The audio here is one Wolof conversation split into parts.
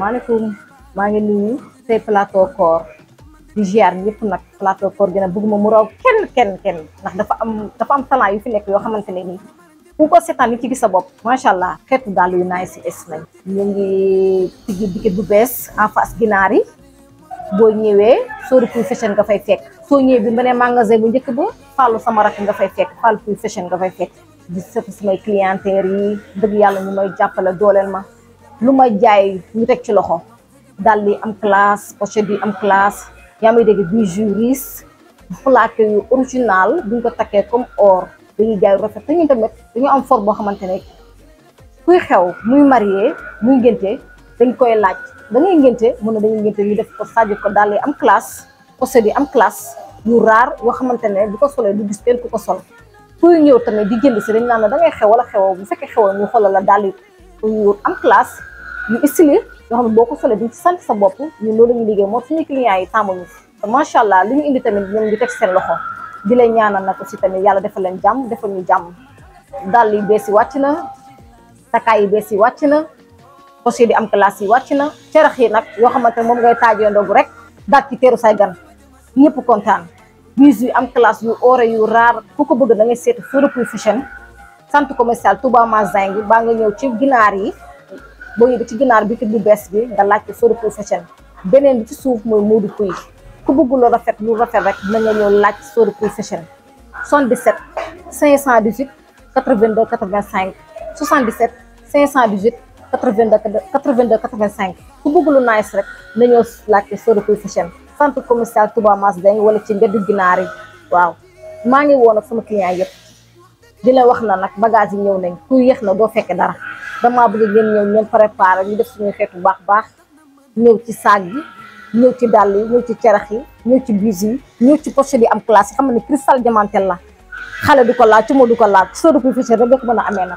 maaleykum maa ngi nuyu tey plateau koor di ziar ñëpp nag plateau koor gi nag bëgguma mu raw kenn kenn kenn ndax dafa am dafa am talent yu fi nekk yoo xamante ne nii ku ko seetaan ci gis sa bopp macha allah xeetu dàll yu naay si es nañ ñu ngi tijji dikkit bu bees en face ginaar yi boo ñëwee sóori puy fashion nga fay fekk soo ñëwee bi ma ne magasin bu njëkk ba fàllu sama rakk nga fay fekk fàllu puy fashion nga fay fekk di sëf samay clientèle yi dëgg yàlla ñu may jàppale dooleel ma lu ma jaay ñu teg ci loxo dal yi am classe pochette bi am classe yaa may dégg bijoux riche plaque yu original buñ ko takkee comme or dañuy jaay rafet te ñun tamit dañu am for boo xamante ne kuy xew muy marié muy ngénte dañ koy laaj da ngay ngénte mun na dañuy ngénte ñu def ko sàjj ko dàll yi am classe pochette yi am classe yu raar yoo xamante ne bu ko solee du gis kenn ku ko sol kuy ñëw tamit di jënd si dañ naan la da ngay xew wala xewoo bu fekkee xewoo ñu xolo la dal yu am classe yu stylé yoo xam ne boo ko solee di ci sant sa bopp ñun loolu la ñuy liggéey moo suñu clients yi tàmmuñu te macha allah lu ñu indi tamit ñoom ñu teg seen loxo di leen ñaanal ko aussi tamit yàlla defal leen jàmm defal ñu jàmm dàll yi bees yi wàcc na takkaay yi bees yi wàcc na pos yi di am classe yi wàcc na cerax yi nag yoo xamante ne moom ngay taajee ndogu rek daal ci teeru say gan ñëpp kontaan bus yu am classe yu ore yu raar ku ko bëgg da ngay seetu Feurepuy Fashion centre commercial Touba Mazeng baa yi boo ñëwee ci ginaar bi fit bu bees bi nga laajte Sorico Fashion beneen bi ci suuf mooy Modou Pouye ku bëgg lu rafet lu rafet rek na nga ñëw laaj Sorico Fashion 77 518 82 85 77 518 82 82 85 ku bëgg lu nice rek na ñëw laajte Sorico Fashion centre commercial Touba Masdeng wala ci mbeddu ginaar yi waaw maa ngi woon ak sama client yëpp di la wax na nag bagage yi ñëw nañ ku yéex na doo fekkee dara. dama bëgg ngeen ñëw ngeen préparer ñu def suñu xeetu baax baax ñëw ci saag yi ñëw ci dal yi ñëw ci cerax yi ñëw ci bus yi ñëw ci poche yi am classe yi xam ne cristal diamantel la xalé du ko laal ci mo du ko laal soo def fi ci rek mën a amee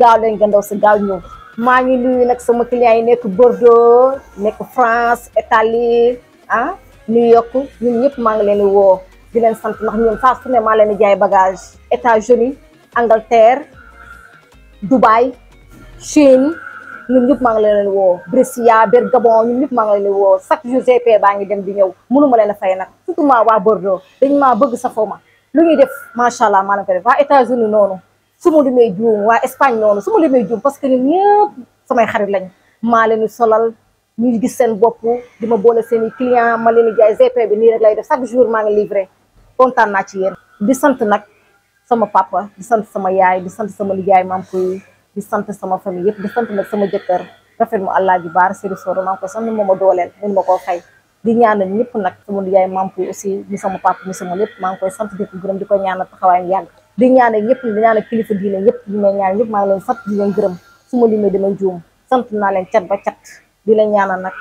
gaaw leen nga ndaw gaaw ñëw ma ngi nuyu nak sama client yi nekk Bordeaux nekk France Italie ah New York ñun ñëpp ma ngi leen wo di leen sant nak ñun fa su ne ma leen jaay bagage États-Unis Angleterre dubai Chine ñun ñëpp maa ngi leen woo Brescia Bergamo ñun ñëpp maa ngi leen woo chaque ngi dem di ñëw mënuma leen a fay nag surtout maa waa Bordeaux dañu maa bëgg sa fooma lu ñuy def macha allah maa leen ko def waa États-Unis noonu su ma limee juum waa Espagne noonu su ma limee juum parce que ñun ñëpp samay xarit lañ maa leen solal ñu gis seen bopp di ma boole seen i client ma leen di jaay GP bi nii rek lay def chaque jour maa ngi livré kontaan naa ci yéen di sant nag sama papa di sant sama yaay di sant sama nijaay maam koy di sant sama famille yëpp di sant nag sama jëkkër rafet mu allah ji baar seri soro maa ngi ko sant ni moo ma dooleel mun ma koo fay di ñaanal ñëpp nag sama yaay mampu aussi mi sama papa mi sama lépp maa ngi koy sant di ko gërëm di ko ñaanal taxawaayam yàgg di ñaanal ñëpp di ñaanal kilifa diine ñëpp di may ñaan ñëpp maa ngi leen sant di leen gërëm su ma limee damay juum sant naa leen cat ba cat di la ñaanal nag